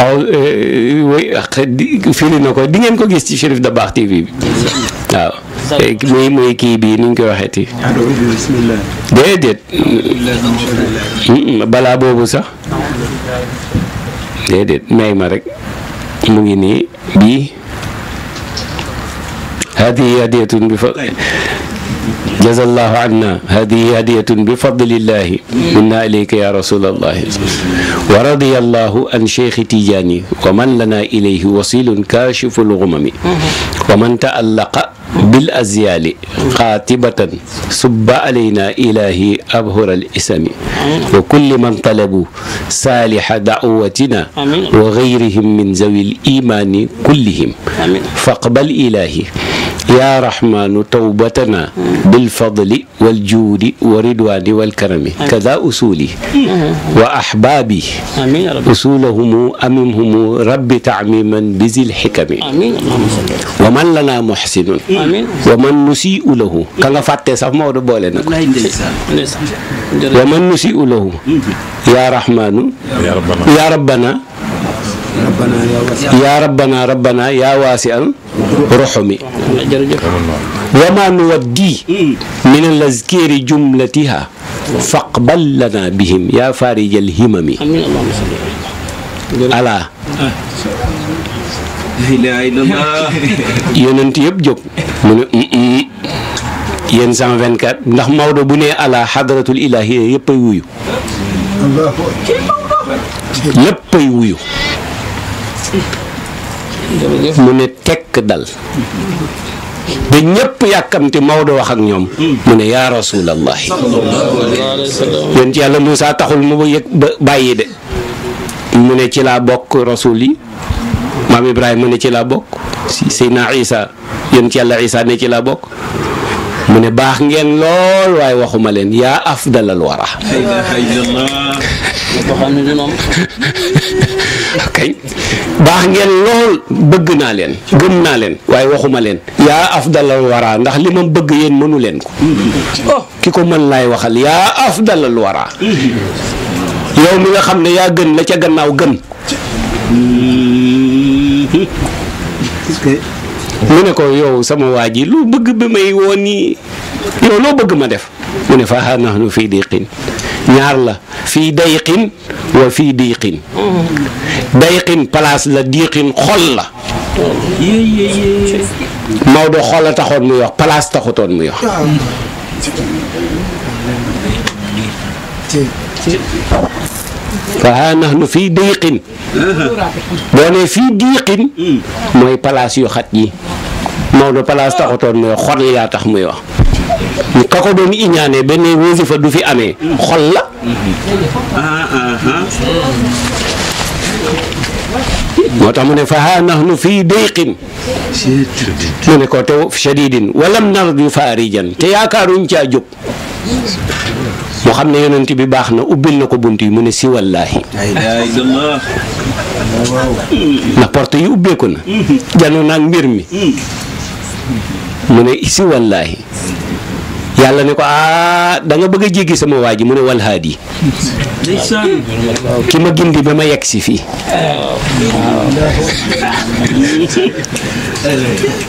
aw euh, firi na ko di ngeen ko gis ci Chérif Dabakh TV bi waaw eh, muy muy kii bii ni ñu koy waxeeti déedéet balaa boobu sax déedéet may ma rek mu ngi nii bii hadihi hadiyatun bi fa jazallahu anna hadihi hadiyatun bi fadlillahi minna ilayka ya rasulallahi wa radiyallahu an cheikhi tijaani wa man lana ilayhi wasilun kashiful ghumami wa man taallaqa bil azyaali xaatibatan subba alayna ilahi abhura al isami wa kulli man talabu saaliha daawatina wa gayrihim min zawil imaani kullihim faqbal ilahi yaa rahmaanu tawbatana bil fadli wal juudi wa ridwaani wal karami kada usuli mm-hmm. wa ahbaabi usuulahumu amimhumu rabbi taamiman bizil xikami wa man lana muxsinun wa man nusiu lahu ka nga fàttee sax Maodo boole na ko wa man nusiu lahu mm-hmm. yaa rahmaanu yaa rabbana yaa rabbana rabbana yaa waasi an ruxumi wama nuwaddi min alazkiri jumlatiha faqbal lana bihim yaa farijal himami ala yonent yëpp jóg mu ne mm, mm, yéen 124 ndax Maodo bu nee ala xadratul ilahi yëpp ay wuyu lépp ay wuyu mu ne tekk dal ba ñëpp yàkkamti Maodo wax ak ñoom hmm. mu ne yaa rasulallahi yéen ci yàlla Moussa taxul mu yëg ba bàyyi de mu ne ci laa bokk rasul yi maam ibrahim mu ne ci laa bokk Seydina Isa yéen ci yàlla Isa ne ci laa bokk mu ne baax ngeen lool waaye waxuma leen ya afdalal wara kay ngeen lool naa leen gëm naa leen waaye waxuma leen yaa afdalal wara ndax li ma bëgg yéen mënu leen ko oh, ki ko mën laay waxal yaa afdalal wara yow mi nga xam ne ya gën la ca gannaaw gën mu ne ko yow sama waa ji loo bëgg bi may woo nii yow loo bëgg ma def mu ne fa nu fii diqin ñaar la fii dayqin wa fii diqin dayqin la diqin la Maodo xol a taxoon muy wax place taxutoon muy wax fa nahnu fii diqin fii diqin mooy place yu xat yi Maodo palaas taxutoon muy xol yaa tax muy wax ka ko doon iñaane benn wasifa du fi amee xol la moo tax mu ne fa haa nahnu fii dayqin mu ne ko te shadidin walam narju faarijan te yaakaaruñ caa jóg mu xam ne yonent bi baax na ubbil na ko bunt yi mu ne si wallaahi ndax porte yi ubbeeku na janoon ak mbir mi mu ne isi wallaahi yàlla ne ko ah danga nga bëgg a jéggi sama waa ji mu ne wal haadi ki ma gindi ba ma yegg si fii.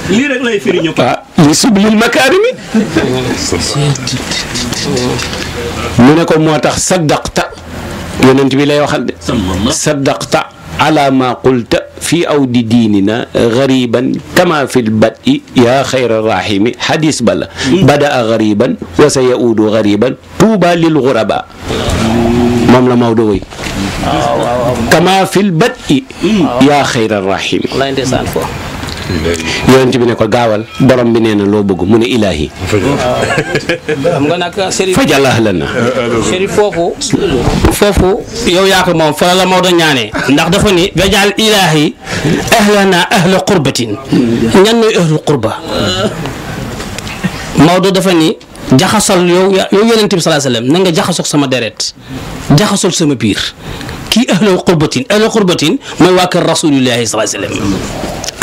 lii rek ah, makaarimi mu ko moo tax saddaqta yonent bi lay waxal de. saddaqta ala ma qulta fi aw di diinina gariban kama fil bad'i yaa xayra rahimi hadis bala badaa gariban wa sa yaudu gariban tuuba lil guraba moom la Maodo woy kama fil bad'i yaa xayra rahimi yonent bi ne ko gaawal borom bi nee na loo bëgg mu ne ilaahi. Ah. xam nga nag Serigne. fajal ahlan Serigne foofu. foofu yow yaa ko moom fa la Maodo ñaanee ndax dafa ni wajal ilaahi ahlana ahla qurbatin ñan ñooy ahlu qurba Maodo dafa ni jaxasol yow yow yonent bi salaa sallam na nga jaxasoo sama deret jaxasoo sama biir. kii ahlu qurbatin ahlu qurbatin mooy waa kër rasulillahi sallallahu alayhi wa sallam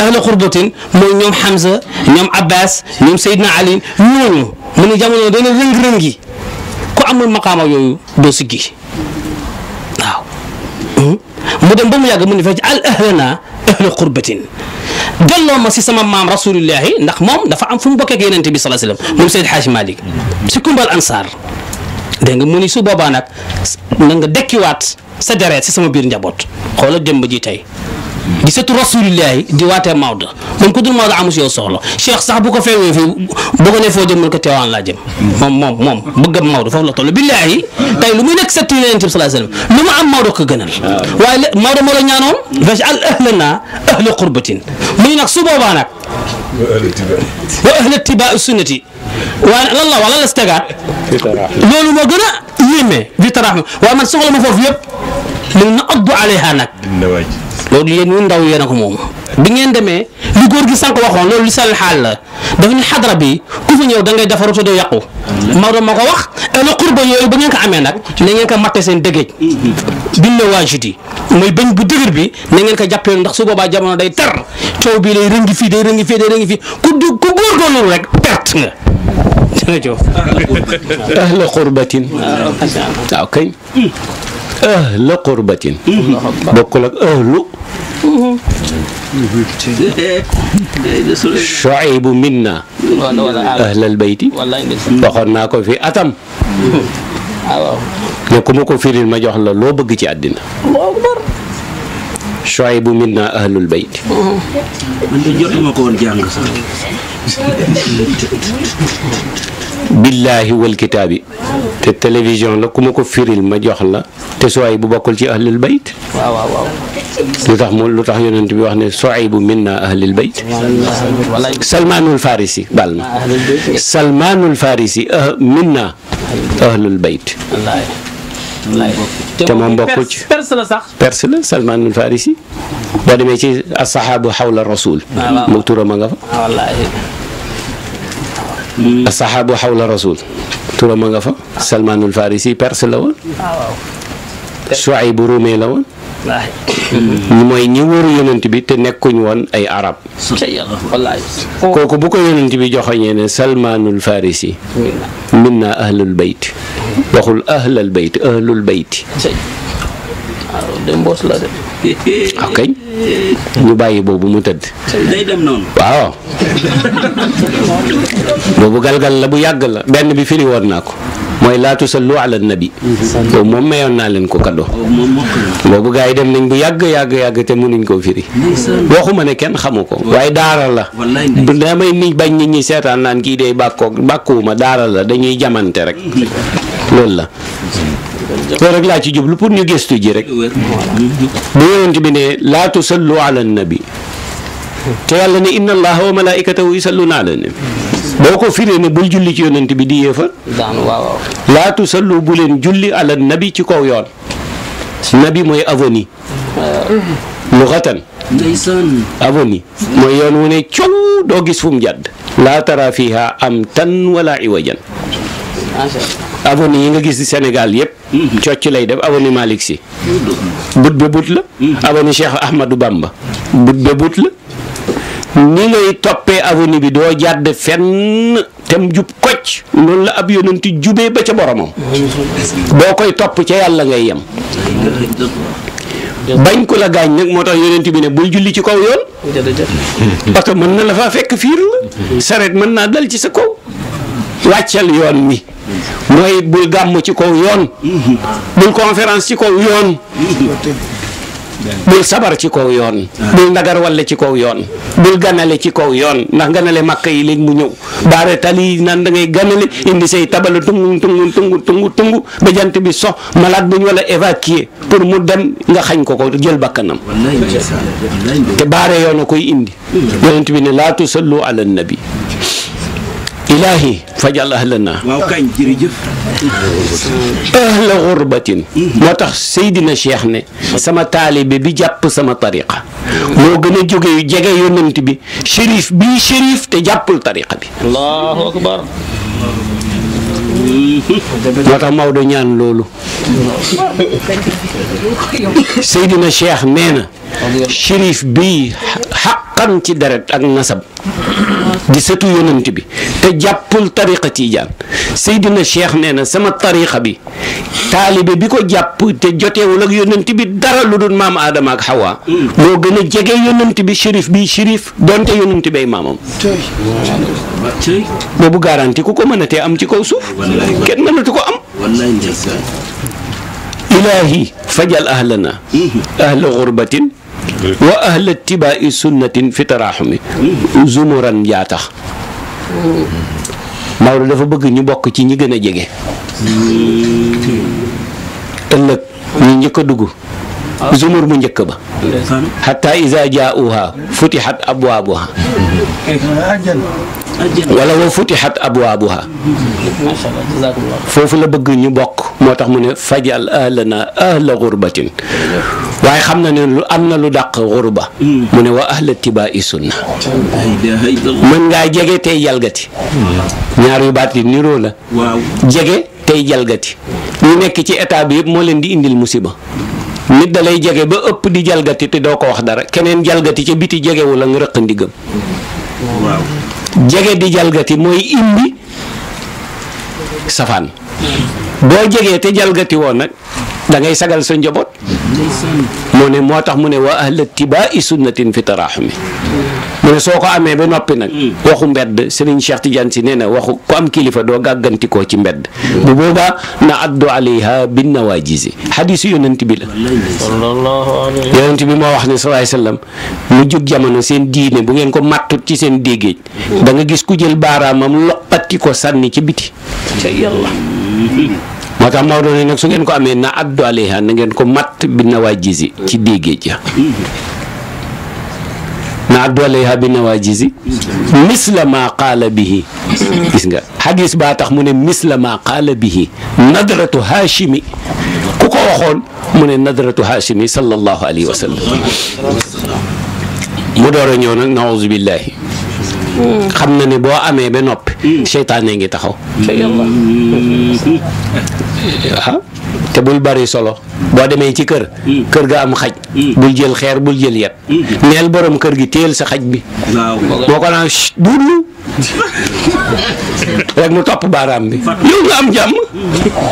ahlu qurbatin mooy ñoom Hamza ñoom Abbas ñoom Seydina Ali ñooñu mu ne jamono dana rëng-rëng gi ku amul maqaama yooyu doo siggi waaw hmm? mu dem ba mu yàgg mu ne faj al ahlana ahlu qurbatin delloo ma si sama maam rasulillahi ndax moom dafa am fu mu bokkee ak yenente bi sallallahu alayhi wa sallam moom Seyd Xaaj Malik si kumbal ansaar dégg nga mu ni su boobaa nag na nga dekkiwaat sa deret si sama biir njaboot xoola démb ji tey di setu rasulillahi di waatee Maodo moom ku dul Maodo amu si yow soxla Cheikh sax bu ko feewee fii boo ko ne foo jëm mën ko teewaan laa jëm moom moom moom bëgg Maodo foofu la toll billahi tey lu muy nekk setu yonent bi sallallahu alayhi wasallam lu ma am Maodo ko gënal waaye Maodo moo la ñaanoon vas al ahlana ahla qurbatin muy nag su boobaa nag waa lan la wax lan la tegaat loolu moo gën a yéeme bi taraax waaye man soxla ma foofu yëpp mun na addu aleyha nag loolu yéen ñu ndaw yéen ko moom bi ngeen demee lu góor gi sànq waxoon loolu li sal xaal la dafa ñu xadra bi ku fa ñëw da ngay defaru te doo yàqu Maodo ma ko wax elo eh, xurba yooyu ba ngeen ko amee nag na ngeen ko matte seen dëgëj bi ne waa judi mooy bañ bu dëgër bi na ngeen ko jàppee ndax su boobaa jamono day tar coow bi day rëngi fii day rëngi fii day rëngi fii ku du ku góorgóorlu rek perte nga jërëjëf. ahla qurbatin waaw kay. ahla qurbatin. bokkul ak ahlu. Shuaybu minna. ahlal bayti. waxoon naa ko fi atam. ne ku ma ko firil ma jox la loo bëgg ci àddina. Shuaybu minna ahlul bayt. man de jotuma ko woon jàng sax. billaahi wal kitaabi te télévision la ku ma ko firil ma jox la te Shuaybu bokkul ci ahlul bayt. waaw waaw waaw. lu tax mu lu tax yonent bi wax ne Shuaybu minna ahlul bayt. Salmaanul Farisi baal ma. Salmaanul Farisi ah, minna ahlul bayt. te moom bokkul ci perse la sax perse la salmaanul farisi boo demee ci asahaabu xawla rasul ah, mu turam a nga fa asahaabu ah, mm. xawla rasul turam a nga fa salmaanul farisi perse la woon ah, suaybu ruumee la woon mooy ñi wër yonent bi te nekkuñ woon ay arab kooku bu ko yonent bi joxoñee ne salmaanul farisi minna ahlul bayt waxul ahlal bayt ahlul bayt waaw ah, kañ ñu bàyyi boobu mu tëdd day dem waaw boobu galgal la bu yàgg la benn bi firi naa ko mooy laa tusallu ala nabi boobu moom mayoon naa leen ko cadeau boobu gaa yi dem nañ bu yàgg yàgg yàgg te mënuñ koo firi waxuma ne kenn xamu ko waaye daara la damay ni bañ nit ñu seetaan naan kii dee bàkkoo bàkkuwuma daara la dañuy jamante rek loolu la loolu rek laa ci jublu pour ñu gëstu ji rek bu yonent bi ne laa tusallu ala nabi te yàlla ne inna allaha wa malaikatahu yusalluna ala nabi boo ko firee ne bul julli ci yonent bi di yéefar daanu waaw waaw laa tusallu bu julli ala nabi ci kaw yoon nabi mooy avoni lu xatan avoni mooy yoon wu ne doo gis fu mu jàdd laa tara fiha am tan wala iwajan avoni yi nga gis ci senegal yëpp mhm. cocc lay dem avoni Malick Sy but be but la mhm. avoni Cheikh Ahmadou Bamba but be but la ni ngay toppee avenue bi doo jàdd fenn te mu jub kocc loolu la ab yonent jubee ba ca boromam boo koy topp ca yàlla ngay yem bañ ko la gaañ nag moo tax yonent bi ne bul julli ci kaw yoon parce que mën na la faa fekk fiir la saret mën naa dal ci sa kaw wàccal yoon wi mooy bul gàmm ci kaw yoon bul conférence ci kaw yoon bul sabar ci kaw yoon bul ndagar walle ci kaw yoon bul ganale ci kaw yoon ndax ganale màkka yi léegi mu ñëw baare tali naan da ngay ganale indi say tabale tungu tungu tungu tungu tungu ba jant bi sox malade bu ñu wala pour mu dem nga xañ ko ko jël bakkanam te baare yoon a koy indi mm. yonent bi ne laa tusallu ala nabi ilaahi fajal ahlana waaw kañ jërëjëf ahla xurbatin moo tax Seydina Cheikh ne sama taalibe bi jàpp sama tariqa moo gën a jóge yu jege yonent bi shérif bii shérif te jàppul tariqa bi allahu akbar moo tax Maodo ñaan loolu Seydina Cheikh nee na shérif bii xaqan ci deret ak nasab di sëtu yonent bi te jàppul tariqa tiijaan Seydina Cheikh nee na sama tariqa bi taalibe bi ko jàpp te joteewul ak yonent bi dara lu dul maam Adama ak Hawa mm. moo gën a jege yonent bi shérif bi shérif donte yonent bay maamam boobu garanti ku ko mën a tee am ci kaw suuf kenn mënatu ko am ilaahi fajal ahlana mm-hmm. ahla gurbatin wa ahla tibaa'i sunnatin fi zumuran yaa tax Maodo dafa bëgg ñu bokk ci ñi gën a jege ëllëg ñu njëkk a dugg zumur mu njëkk ba xataa iza jaa'uha futixat abwaabuha wala wa futixat abwaabuha foofu la bëgg ñu bokk moo tax mu ne fajal ahlana ahla xurbatin waaye xam na ne lu am na lu daq xurba mu ne wa ahla tibaa'i sunna mën ngaa jege tey jalgati ñaar yu baat yi niroo la jege tey jalgati ñu nekk ci état bi yëpp moo leen di indil musiba nit da jege ba ëpp di jalgati te doo ko wax dara keneen jalgati ca biti jegewu la nga rëq ndigam jege di jalgati mooy indi safaan boo jegee te jalgati woon nag dangay sagal sa njaboot moo ne moo tax mu ne wa ahla tibaa'i sunnatin fi taraaxumi mu ne soo ko amee ba noppi nag waxu mbedd Serigne Cheikh Tidiane si nee na waxu ko am kilifa doo gàggantikoo ci mbedd bu boobaa na addu alayha bin nawaajisi xadiisu yonent bi la yonent bi moo wax sa salaay sallam mu jug jamono seen diine bu ngeen ko màttut ci seen déggéej da nga gis ku jël baaraamam loppati ko sànni ci biti moo tax Maodo su ngeen ko amee na addu alayha na ngeen ko matt bi na waa jisi ci déggee ja na addu alayha bi na waa jisi misla ma qaala mu ne misla ma qaala bihi nadratu haashimi ku ko waxoon mu ne nadratu haashimi sallallahu alayhi wa mu door a ñëw nag naouzu billahi xam na ne boo amee ba noppi. Hmm. seytaane ngi taxaw. waaw hmm. ah. te bul bari solo boo demee ci kër. Hmm. kër ga am xaj. bul jël xeer bul jël yet. neel borom kër gi teel sa xaj bi. waaw boo ko naan duulu rek mu topp baaraam bi. yow nga am jàmm.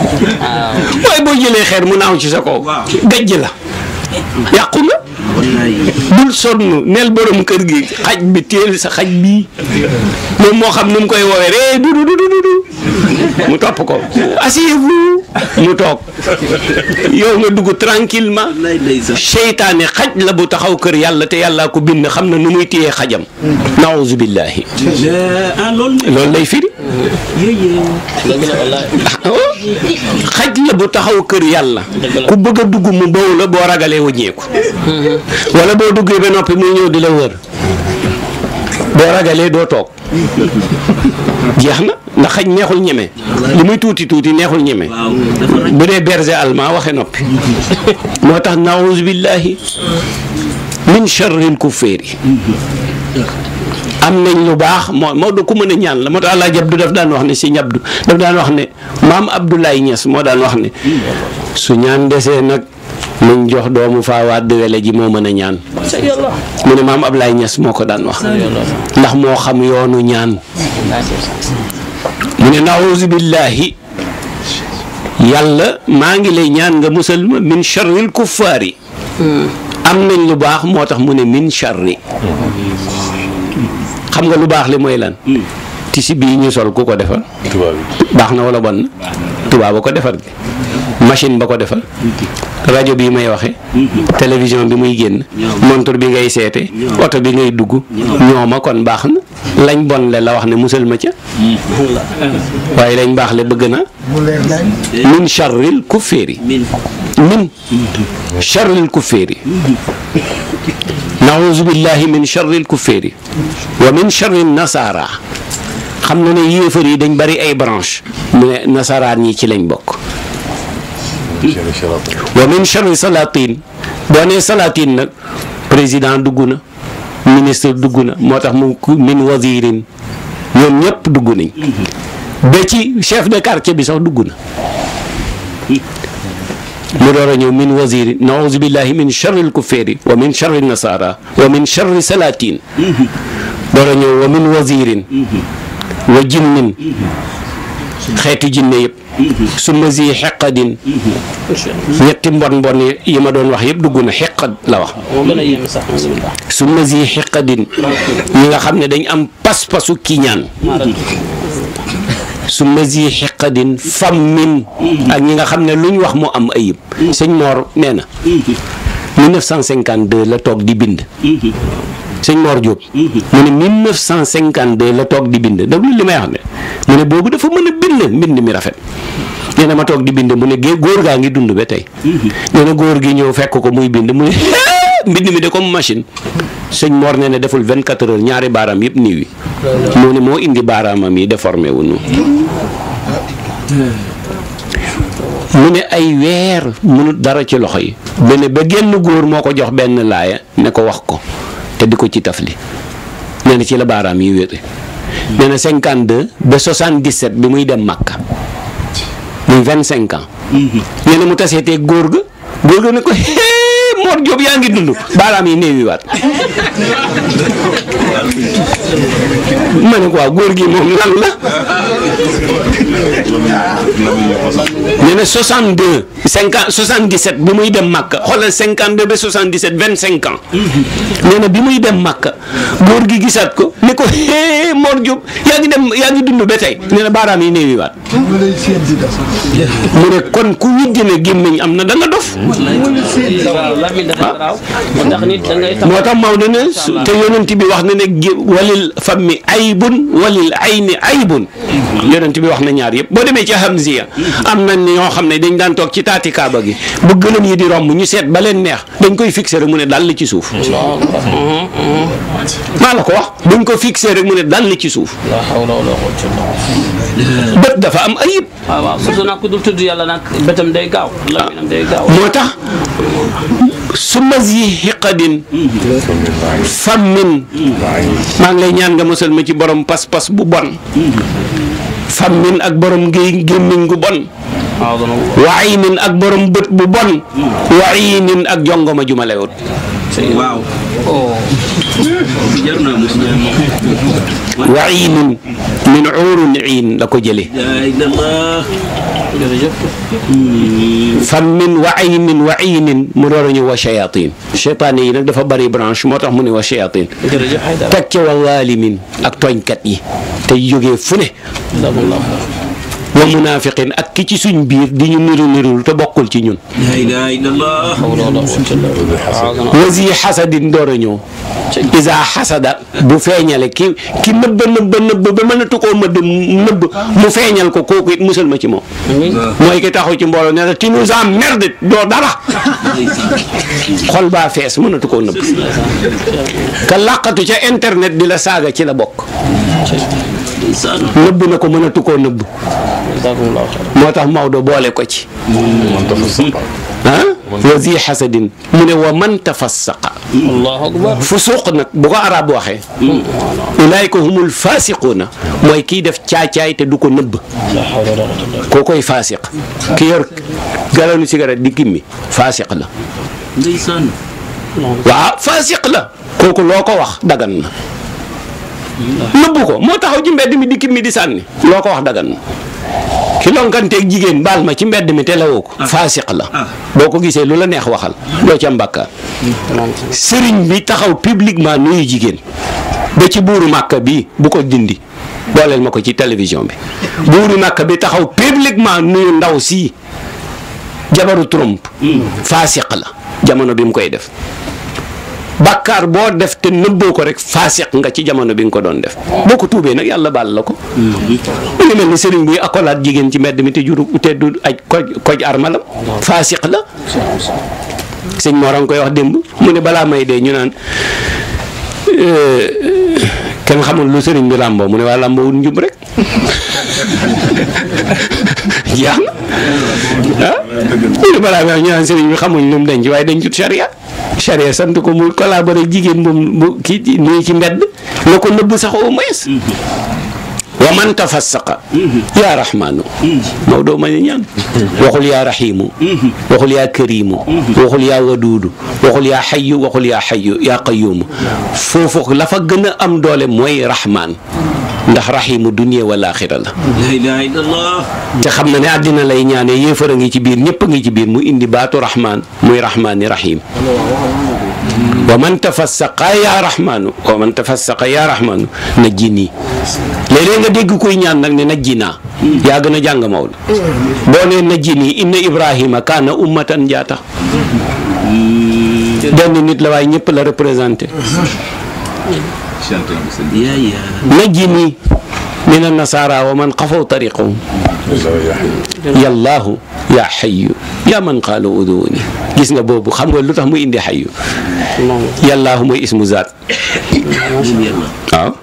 waaye boo jëlee xeer mu naaw ci sa kaw. gajj la yàqu nga. bul sonn nel borom kër gi xaj bi téel sa xaj bi moom moo xam nu mu koy woowee ree du du du du du mu topp ko asseyez-vous mu toog yow nga dugg tranquillement seytaane xaj la bu taxaw kër yàlla te yàllaa ko bind xam na nu muy téyee xajam naouzu billahi ah, loolu lay firi xaj la bu taxaw kër yàlla ku bëgg dugg mu bow la boo ragalee waññeeku wala boo duggee ba noppi muy ñëw di la wër boo ragalee doo toog jeex na ndax xañ neexul ñeme li muy tuuti tuuti neexul ñeme bu dee berger allemand waxe noppi moo tax naawuzu billahi min charril kuféeri am nañ lu baax moo moo du ku mën a ñaan la moo tax Alaaji Abdu daf daan wax ne si ñabdu daf daan wax ne maam Abdoulaye Niass moo daan wax ne su ñaan desee nag nañ jox doomu faawaat wele ji moo mën a ñaan mu ne maam Abdoulaye Niass moo ko daan wax ndax moo xam yoonu ñaan mu ne naawuzu billahi yàlla maa ngi lay ñaan nga musal ma min charril kuffaari am nañ lu baax moo tax mu ne min charri xam nga lu baax li mooy lan hmm. tisi bii ñu sol ku ko defar baax na wala bon na tubaab a ko defar gi machine ba ko defar rajo bii may waxe hmm. télévision bi muy génn montre bi ngay seete oto bi ngay dugg ñooma kon baax lañ bon le la wax ne musal ma ca waaye lañ baax le bëgg na min charril kuféeri min charril kuféeri naouzu billahi min charril kuféeri wa min charril nasara xam na ne yéefar yi dañ bari ay branche mu ne nasaraan yi ci lañ bokk wa min charri salatin boo nee salatin nag président dugg na ministre dugg na moo tax mu min wazirin ñoom ñëpp dugg nañ ba ci chef de quartier bi sax dugg na mu door a ñëw min wazirin naouzu billahi min charri l kufféeri wa min charri nasara wa min charri salatin door a ñëw wa min wazirin wa jinnin xeeti jinne yëpp su ma sii ñetti mbon mbon yi ma doon wax yëpp dugg na xeqad la wax su ma sii xeqadin ñi nga xam ne dañ am pas-pasu kiñaan su ma sii xeqadin fam min ak ñi nga xam ne lu luñ wax mu am ayib sëñ Mor nee na 1952 la toog di bind sëñ Mor Diop. Mhm. mu ne de la toog di bind déglu li may wax ne mu ne boobu dafa mën a bind mbind mi rafet. nee na ma toog di bind mu ne gé góor gaa ngi dund ba tey. Mhm. nee na góor gi ñëw fekk ko muy bind mu ne mbind mi de comme machine. sëñ Mor nee ne deful vingt 24 heures ñaari baaraam yëpp nii wi. moo ne moo indi baaraamam yi déformé wu ñu. mu ne ay weer mënut dara ci loxo yi. ba ne ba génn góor moo ko jox benn laaya ne ko wax ko. te di ko ci tafli nee na ci la baaraam yi wéete nee na 52 ba 77 bi muy dem Makka muy 25 ans. Mm-hmm. nee na mu tasee teg góor ga góor ga ne ko. Ngoor Jóob yaa ngi dund baalaam yi néewiwaat ma ne ko góor gi moom lan la nee na 62 50 77 bi muy dem Màkka xoolal 52 ba 77 25 ans nee muy dem Màkka góor gi gisaat ko ne ko hee dem yaa ngi dund ba tey nee yi néewiwaat mu ne kon ku widdi ne gémmiñ am na da nga dof Ah. moo tax Maodo ne te yonent bi wax na ne walil fammi aybun walil ayni aybun mm-hmm. yonent bi wax na ñaar yëpp boo demee ci Hamziya mm-hmm. am na ñoo xam ne dañ daan toog ci taati Kaaba gi bu gëlëm yi di romb ñu seet ba leen neex dañ koy fixé rek mu ne dal ci suuf. Mm-hmm. maa la ko wax buñ ko fixé rek mu ne dal ci suuf. bët dafa am ayib. waaw ah, waaw surtout nag ku dul tudd moo tax. sumas yi xiqadin fammin maa ngi lay ñaan nga mosal ma ci borom pas-pas bu bon fammin ak borom géy gémmiñ gu bon waayinin ak borom bët bu bon waayinin ak jongoma ju ma lewut waaw waayinin min uurun iin la ko jële fammin wa aynin wa aynin mu door a ñu wa shayatin cheytaan yi nag dafa bari branche moo tax mu ne wa shayatin teg ca wa zaalimin ak tooñkat yi te jógee fu ne wa munaafiqin ak ki ci suñ biir di ñu niru nirul te bokkul ci ñun wa zi xasadin door a ñëw isa xasada bu feeñale ki ki nëbba nëbba nëbba ba mënatu koo mëdd nëbb mu feeñal ko kooku it musal ma ci moom mooy ki taxu ci mbooloo ne la ti nous emmerde doo dara xol baa fees mënatu koo nëbb ka làqatu ca internet di la saaga ci la bokk nëbb na ko mënatu koo nëbb moo tax Maodo boole ko ci ah wa zi xasadin mu ne wa man tafassaqa fusuq nag bu ko arab waxee hmm. ulaayika humul faasiquuna mooy kii def caacaay te du ko nëbb koo koy faasiq ki yor galonu cigarette di kimmi faasiq la waaw faasiq la kooku loo ko wax dagan na nëbbu ko moo taxaw ci mbedd mi dikki mi di sànni loo ko wax dagan ki lonkanteeg jigéen baal ma ci mbedd mi te lawoo ko ah. faasiq la ah. boo ko gisee lu la neex waxal doo ci am sëriñ bi taxaw publiquement nuyu jigéen ba ci buuru màkk bi bu ko dindi booleel ma ko ci télévision bi buuru màkka bi taxaw publiquement nuyu ndaw si jabaru Trump hmm. faasiq la jamono bi mu koy def bàkkaar boo def te nëbboo ko rek faasiq nga ci jamono bi nga ko doon def boo ko tuubee nag yàlla baal la ko. Mhm. mu ngi mel ni sëriñ buy akolaat jigéen ci mbedd mi te juru te du aj koj koj armalam faasiq la. sëñ Moran koy wax démb mu ne balaa may de ñu naan euh, kenn xamul lu sëriñ bi mu ne waa làmboo wut njub na ah mu ne balaa may wax ñu naan sëriñ xamuñ lu mu denc waaye dencut sharia charia sant ko mu collaboré jigéen moom mu kii nii ci mbedd la ko nëbb sax au moins mm-hmm. wa man tafassaqa yaa rahmaanu Maodo ma ñaan waxul yaa rahiimu waxul yaa kariimu waxul yaa waduudu waxul yaa xayyu waxul yaa xayyu yaa qayyuumu foofu la fa gën a am doole mooy rahmaan ndax rahiimu dunya wal aaxira la laa ilaaha illallaah te xam na ne àddina lay ñaane yéefar a ngi ci biir ñëpp a ngi ci biir mu indi baatu rahmaan muy rahmaani rahiim wa man tafassaqa ya rahmaanu wa man tafassaqa ya rahmaanu na ji nii nga dégg kuy ñaan nag ne na ji naa yaa gën a jàng Maodo boo na ji nii inna Ibrahima kaana ummatan jaata benn nit la waaye ñëpp la représenté na min annasaara wa man xafaw tariqahum yallaahu yaa xayu yaa man qaala uduuni gis nga boobu xam nga lu tax mu indi xayu yallaahu mooy ismu zaat waaw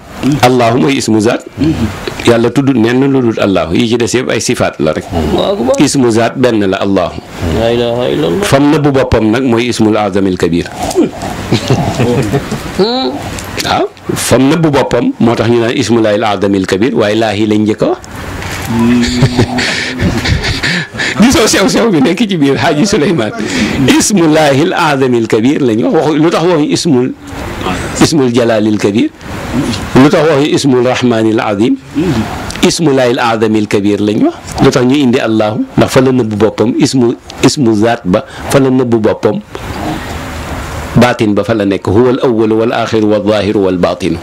allahu mooy ismu zaat yàlla tudd nenn lu dul allahu yi ci des yëpp ay sifaat la rek ismu zaat benn la allahu fam na bu boppam nag mooy ismul azamil kabir hmm. waaw fam nëbb boppam moo tax ñu naan ismullahi al adamil kabir waaye laahi lañ njëkk a wax gisoo mm. sew sew bi nekk ci biir Haaji Suleymaan ismullahi al adamil kabir lañ wax waxu lu tax waxuñu ismul ismul jalalil kabir lu tax waxuñu ismul rahmanil azim ismullahi al adamil kabir lañ wax lu tax ñu indi allahu ndax fa la nëbb boppam ismu ismu zaat ba fa la nëbb boppam baatin ba fa la nekk huwa al awwalu wal axiru wal zaahiru wal baatinu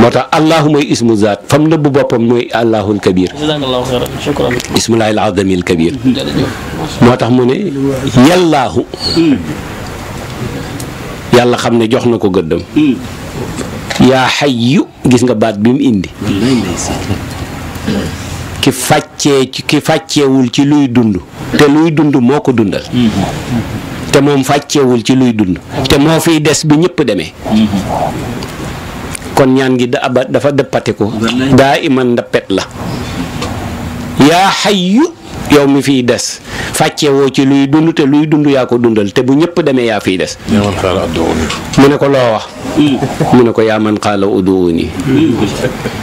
moo tax allahu mooy ismu zaat fam nëbb boppam mooy allahul kabir ismullahi al azami al moo tax mu ne yàllaahu yàlla xam ne jox na ko gëddam yaa xayyu gis nga baat bi mu indi ki fàccee ki fàcceewul ci luy dund te luy dund moo ko dundal te moom fàccewul ci luy dund te moo fiy des bi ñëpp demee kon ñaan gi da aba dafa dëppate ko daa iman ndappet la yaa xayyu yow mi fiy des fàcce ci luy dund te luy dund yaa ko dundal te bu ñëpp demee yaa fiy des. mu ne ko loo wax. mu ne ko yaa man xaala uduuni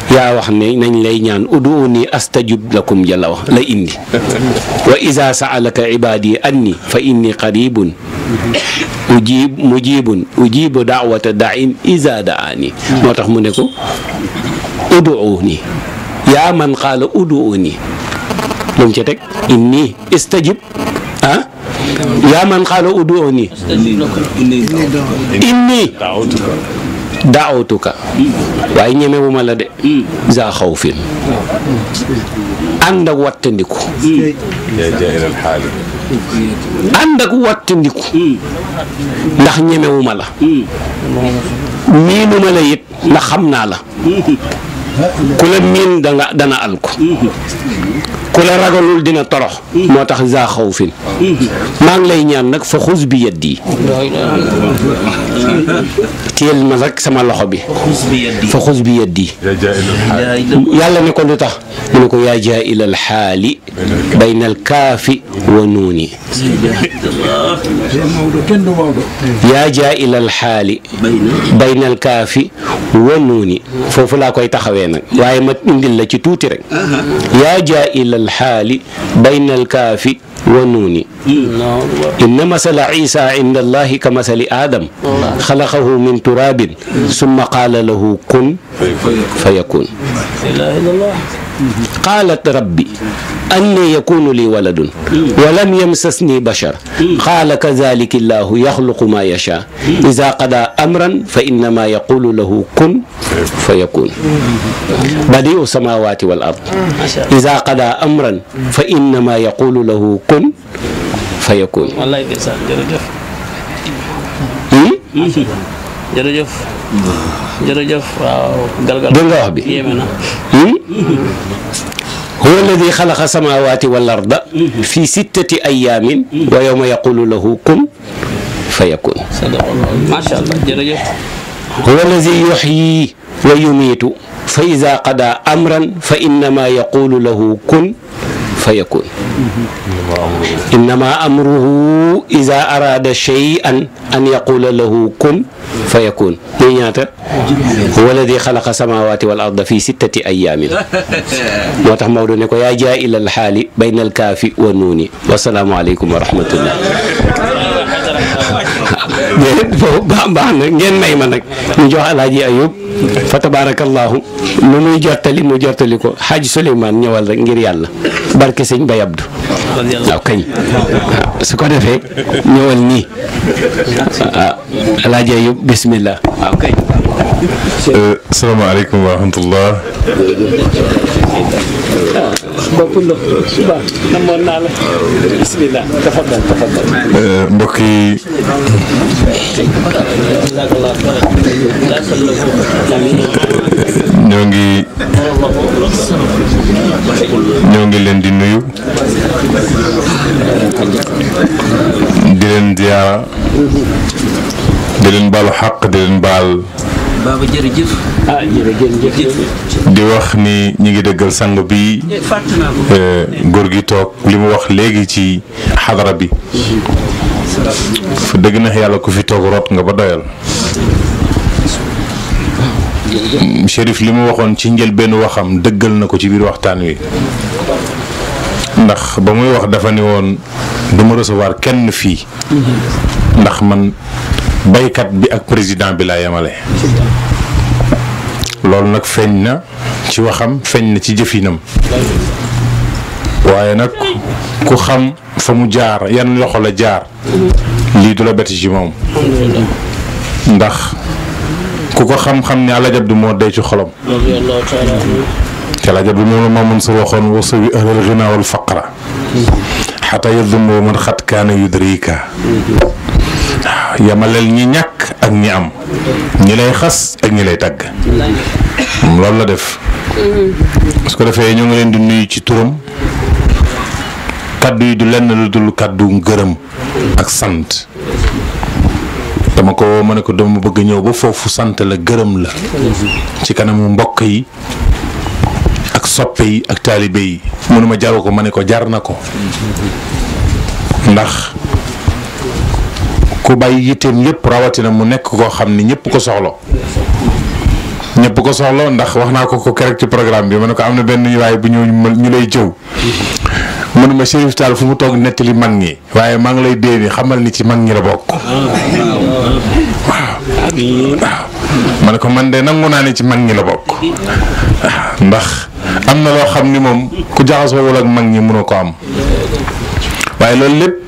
yaa wax ne nañ lay ñaan uduuni astajub lakum jalla wax la indi. wa iza saalaka ibaadi anni fa inni qaribun ujib mujibun dain iza daani moo tax mu ne ko uduuni yaa man xaala uduuni lu mu ci teg inni istajib ah yaa man xaala uduuni inni daawtuka waaye ñemewuma la de za xawfin ànd ak wattandiku ànd ak wattandiku ndax ñemewuma la miinuma la it ndax xam naa la ku la miin danga dana al ku la ragalul dina torox. moo tax zaa xaw fin maa ngi lay ñaan nag fa xus bi yeddi. téyel ma rek sama loxo bi. fa xus bi yeddi. yàlla ne ko lu tax. mu ne ko yaa jaa ilal xaali. baynal kaafi wa nuuni. yaa jaa ilal xaali. baynal kaafi wa nuuni. foofu laa koy taxawee nag. waaye ma indil la ci tuuti rek. yaa jaa ilal alxaali bayna alkaafi wa nuuni inna masala isa inda allahi ka masali adam xalaqahu min turabin summa qaala lahu kun fa yakun qaalat rabbi anni yakunu li waladun wa lam yamsasni bashar qaala kadhalika allahu yaxluqu ma yasha ida qada amran fa innama yaqulu lahu kun fa yakun badiu samawati wal ard ida qada amran fa innama yaqulu lahu kun fa yakun jërëjëf. jërëjëf waaw. galgal dégg nga wax bi yéeme na. Hmm? huwa alladi xalaqa samaawaati wal arda fi sittati ayaamin wa yowma yaqulu lahu kun fa yakun. macha allah jërëjëf. huwa alladi yuxyi wa yumiitu fa ida qada amran fa innama yaqulu lahu kun fayakun innama amruhu ida arada shay'an an yaqula lahu kun fayakun ñuy ñaata wala di xalaqa samawati wal arda fi sittati ayamin moo tax Maodo ne ko yaa jaa ilal xaali bayna alkaafi wa nuuni wasalaamu aleykum wa rahmatullah foofu baax baax na ngeen may ma nag ñu jox alaaji ayub fa tabarakallahu lu muy jottali mu jottali ko xaaji Souleymane ñëwal rek ngir yàlla barke sëñ Bay Abdu waaw kañ su ko defee ñëwal nii ah, alaaji ayub bismillah Euh, salaamaaleykum wa rahmatullah. Euh, mbokk yi. ñoo ngi ñoo ngi leen di nuyu. di leen ziyaara. di leen baalu xaq di leen baal. Ah, di wax ni ñu ngi dëggal sang bi eh, eh, góor gi toog li mu wax léegi ci xadara bi. dëgg na yàlla ku fi toog root nga ba doyal. Chérif li mu waxoon ci benn waxam dëggal na ko ci biir waxtaan wi. ndax ba muy wax dafa ne woon du ma kenn fii. Mm-hmm. ndax man baykat bi ak président bi laa yemale loolu nag feeñ na ci waxam feeñ na ci jëfinam waaye nag ku xam fa mu jaar yan loxo la jaar lii du la bett ci moom ndax ku ko xam-xam ne Alaaji Abdu moo day ci xolom te Alaaji Abdu moom la Maamun Sa waxoon wasawi ahlal ginaa wal faqra xataa yadum xat kaana yudrika waaw yamaleel ñi ñàkk ak ñi am ñi lay xas ak ñi lay tagg loolu la def su ko defee ñoo ngi leen di nuyu ci turam kàddu yi du lenn lu dul kàddu ngërëm ak sant dama ko ma ne ko dama bëgg ñëw ba foofu sant la gërëm la ci kanamu mbokk yi ak soppe yi ak taalibe yi mënuma jaru ko ma ne ko jar na ko ndax ku bàyyi yitteem yëpp rawatina mu nekk koo xam ni ñëpp ko soxla ñëpp ko soxla ndax wax naa ko ko kerek ci programme bi ma ne ko am na benn waaye bu ñëw ñu lay jëw mënuma Chérif Tall fu mu toog nettali mag ñi waaye maa ngi lay dee xamal ni ci mag ñi la bokk ah, ah, ah, ne ko man de nangu naa ne ci mag ñi la bokk ndax am na loo xam ni moom ku jaxasoo wala ak mag ñi mënoo ko am waaye loolu lépp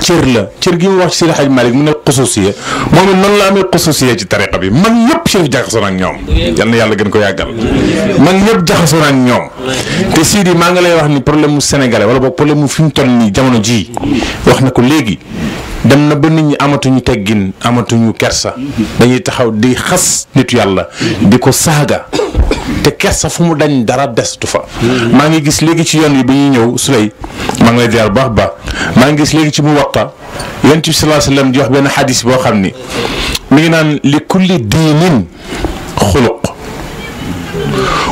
cër la cër gi mu wax ci Seydi Hadj Malick mu ne xususiya moom it noonu la amee xususiya ci tariqa bi man ñëpp Chérif jaxasoo ak ñoom yal yàlla gën ko yàggal man ñëpp jaxasoo ak ñoom te Sidi maa ngi lay wax ni problème mu sénégalais wala boog problème mu fi mu toll nii jamono jii wax na ko léegi dem na ba nit ñi amatuñu teggin amatuñu kersa dañuy taxaw di xas nitu yàlla di ko saaga te kersa fu mu dañ dara des tufa maa ngi gis léegi ci yoon yi bi ñuy ñëw suley maa ngi lay jaar baax baax maa ngi gis léegi ci mu waxta yonent bi sallallahu alayhi wa sallam di wax benn xadis boo xam ni mi ngi naan li kulli diinin xuluq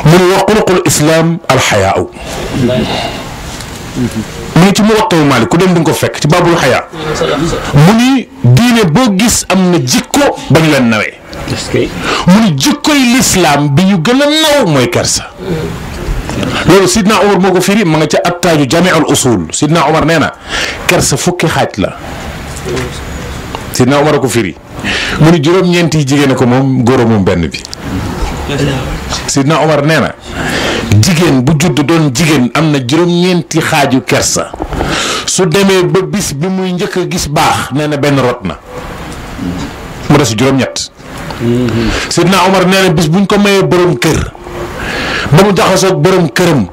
mu ne wa xuluqul mu ne ci mu waxtawu Maalik ku dem di nga ko fekk ci baabul xayaa mu ni diine boo gis am na jikko ba ñu leen nawee mu ne jikkoy lislaam bi ñu gën a naw mooy kersa. loolu Sidna Omar moo ko firi mu nga ca attaaju jamiul usul Sidna Omar nee na kersa fukki xaaj la. Sidna Omar a ko firi mu ne juróom-ñeenti jigéen ko moom góor benn bi. Sidna Omar nee jigéen bu judd doon jigéen am na juróom-ñeenti xaaju kersa su demee ba bis bi muy njëkk a gis baax nee na benn rot na mu des juróom-ñett. Seydina Omar nee bis bu ñu ko mayee borom kër ba mu jaxasoo borom këram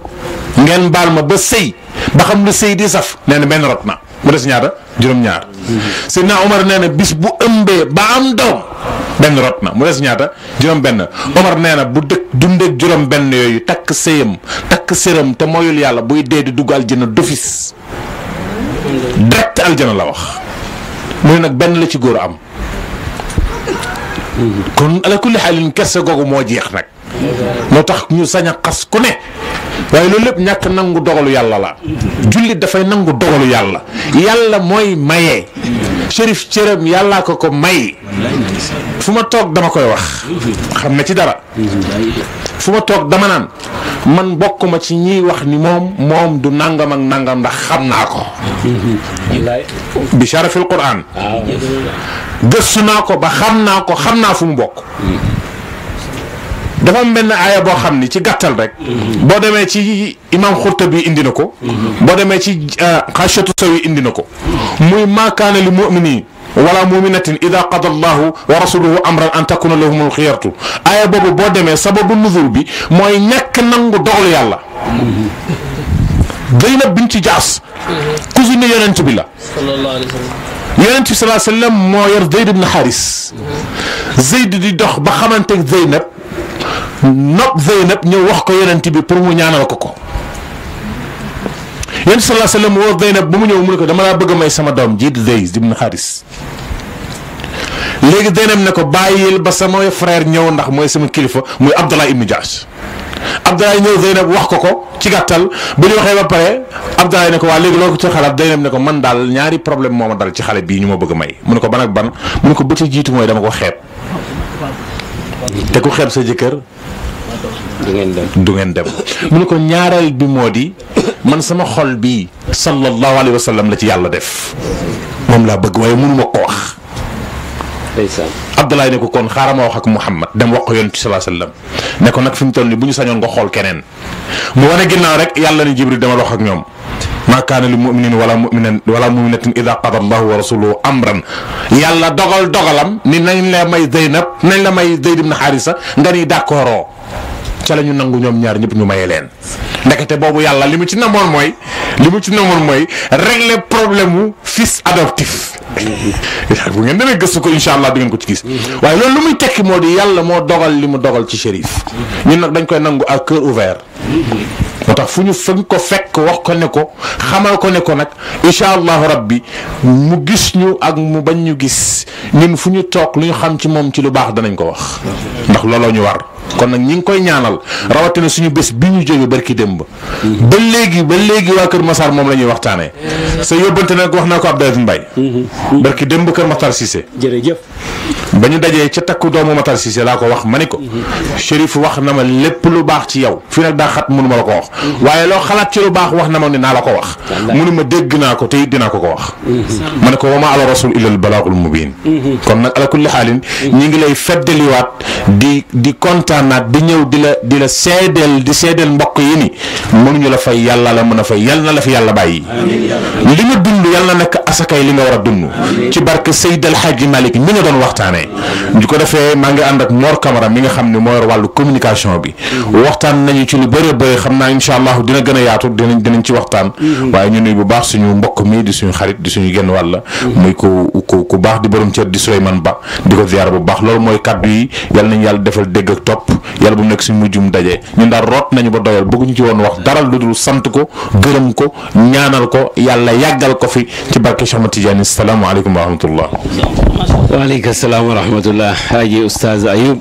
ngeen baal ma ba sëy ba xam ne sëy di saf nee na benn rot na mu des ñaata juróom na bis bu ëmbee ba am doom benn rot na bu dëkk dundeeg juróom-benn yooyu takk sëyam takk sëram te moyul yàlla buy dee di dugg aljana dofis direct aljana la wax mu ne nag benn la ci góor am. kon ala kulli xaalin kersa googu moo jeex nag. moo tax ñu sañ a xas ku ne waaye loolu lépp ñàkk nangu dogalu yàlla la jullit dafay nangu dogalu yàlla yàlla mooy maye shérif cëram yàllaa ko ko may fu ma toog dama koy wax xam na ci dara fu ma toog dama naan man bokkuma ci ñiy wax ni moom moom du nangam ak nangam ndax xam naa ko bi sharafil quraan gëstu naa ko ba xam naa ko xam naa fu mu bokk dafa am benn aaya boo xam ni ci gàttal rek. Mm-hmm. boo demee ci imam Xurtubi indi na ko. Mm-hmm. boo demee ci euh, xaashatu sawi indi na ko. muy maa kaana li mu'mini wala muminatin ida qada allahu wa rasuluhu amran an takuna lahumul xiyartu aaya boobu boo demee sababu nuzul bi mooy ñàkk nangu dogalu yàlla. Zaynab binti Jaas. cousine yonent bi la. yonent bi salaa sallam moo yor Zayd ibn Xaaris. Mm-hmm. Zayd di dox ba xamanteeg Zaynab nopp Zeynab ñëw wax ko yonent bi pour mu ñaanal ko ko yonent sallallahu alayhi wasallam woo Zeynab bu mu ñëw mu ne ko dama laa bëgg may sama doom ji di Zayd ibn Haris léegi Zeynab ne ko bàyyil ba samay frère ñëw ndax mooy sama kilifa muy Abdallah ibn Jahsh Abdoulaye ñëw Zeynab wax ko ko ci gàttal bu ñu waxee ba pare Abdoulaye ne ko waa léegi loo ko ci xalaat Zeynab ne ko man daal ñaari problème moom ma dal ci xale bii ñu ma bëgg may mu ne ko ban ak ban mu ne ko bëccëg jiitu mooy dama ko te ku xeeb sa jëkkër. du ngeen dem du ngeen dem. mu ne ko ñaareel bi moo di man sama xol bi sallallahu alayhi wa sallam la ci yàlla def. moom laa bëgg waaye mënuma ko wax. ndeysaan ne ko kon xaaral ma wax ak Mouhamad dem wax ko ci sallallahu alayhi wa sallam ne ko nag fi mu toll nii bu ñu sañoon nga xool keneen mu wane ginnaaw rek yàlla ni Jibril dama wax ak ñoom. maa kaana li muminin wala muminin wala muminatin ida qada allahu wa rasuluhu amran yàlla dogal dogalam ni nañ la may Zeynab nañ la may Zeyd ibn Xaarisa nga ni d'accord ca la nangu ñoom ñaar ñëpp ñu maye leen ndekete boobu yàlla li mu ci namoon mooy li mu ci namoon mooy régler problème mu fils adoptif. bu ngeen demee gëstu ko incha allah di ngeen ko ci gis. waaye loolu lu tekki moo di yàlla moo dogal li mu dogal ci shérif. ñun nag dañ koy nangu ak cœur ouvert. moo tax fu ñu fa ko fekk wax ko ne ko xamal ko ne ko nag incha allahu bi mu gis ñu ak mu bañ ñu gis ñun fu ñu toog lu ñu xam ci moom ci lu baax danañ ko wax. ndax looloo ñu war. kon nag ñi ngi koy ñaanal na suñu bés bi ñu jóge barki démb ba léegi ba léegi waa Kër Massar moom la ñuy waxtaanee mm-hmm. sa yóbbante nag wax naa ko Abdoulaye Mbaye mm-hmm. barki démb Kër Massar Cissé jërëjëf ba ñu dajee ca takk doomu Matar Cissé laa ko wax ma ni ko mm-hmm. Chérif wax na ma lépp lu baax ci yow fii nag daa xat mënu ma la ko wax waaye loo xalaat ci lu baax wax na ma ne naa la ko wax mënu ma dégg naa ko te it dinaa ko ko wax ma ne ko wa ma ala rasul illa al balaagul mubin kon nag waxtaanaat di ñëw di la di la seedeel di seedeel mbokk yi ni mënuñu la fay yàlla la mën a fay yàlla na la fi yàlla bàyyi li nga dund yàlla na nekk asakay li nga war a dund ci barke Seydi El Hadji Malick mi doon waxtaanee ko defee maa ngi ànd ak Mor Camara mi nga xam ne moo yor wàllu communication bi mm-hmm. waxtaan nañu ci lu bëri bëri xam naa incha allah dina gën a yaatu dinañ dinañ ci waxtaan mm-hmm. waaye ñu nuy bu baax suñu mbokk mi di suñu xarit di suñu genn wàll mm-hmm. muy ku ku baax di borom cër di Souleymane Ba di ko ziar bu baax loolu mooy topp bu mu nekk suñ daje ñun daal root bëgguñu ci woon wax dara lu dul sant ko gërëm ko ñaanal ko yàlla yàggal ko fi ci barke Cheikh Ahmad Tidiane salaamaaleykum wa rahmatullah. salaam wa rahmatullah Haji Oustaz ñu